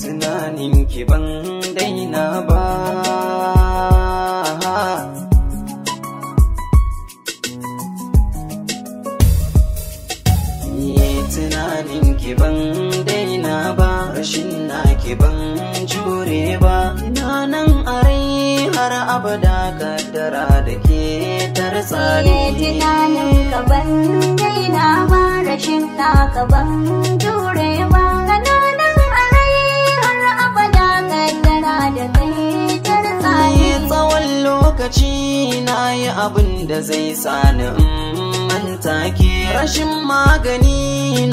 tunanin ki ban daina ba Ni tunanin ki ban daina ba rashin na ki ban jure ba nanan arai har abada kaddara da ke tar tsole tunanin ka ban daina ba rashin naka ban jure ba kananan a har abada kaddara da kai tar tsole tsawon lokaci na yi abin da zai sani manta mm, ke rashin magani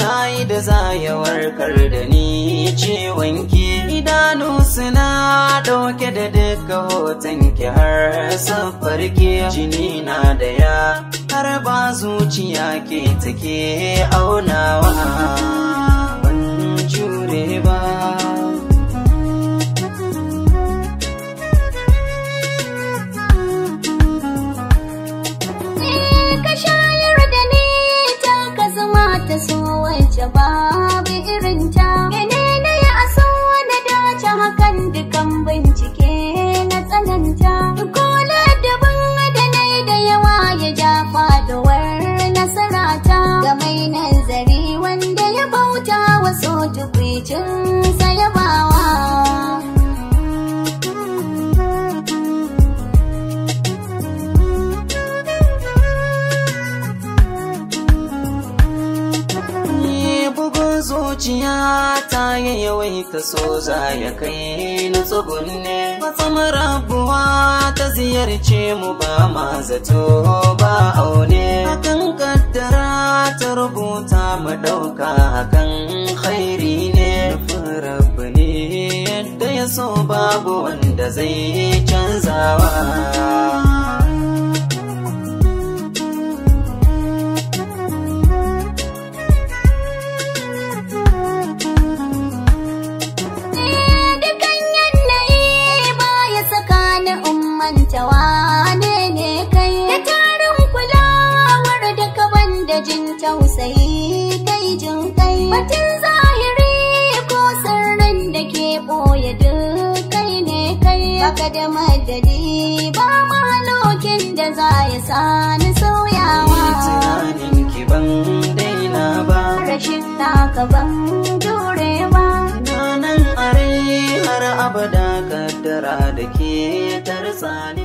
na yi da zayawar warkar da ni ciwon ki idanu suna ɗauke da ga hoton ki har safarki jini na da ya har ba zuciya ke take aunawa zuciya ta yi yawaita so za ya kai na tsugunne matsamar rabuwa ta ziyarce mu ba ma zato ba aune hakan kaddara ta rubuta mu ɗauka hakan khairi ne nufin rabu ne yadda ya so babu wanda zai canzawa tausayi kai jin kai batun zahiri ko sirrin da ke ɓoye duk kai ne kai baka da madadi ba mahalokin da za ya sani sauyawa tunanin ki ban daina ba rashin naka ban jure ba are har abada kaddara da ke tarzani.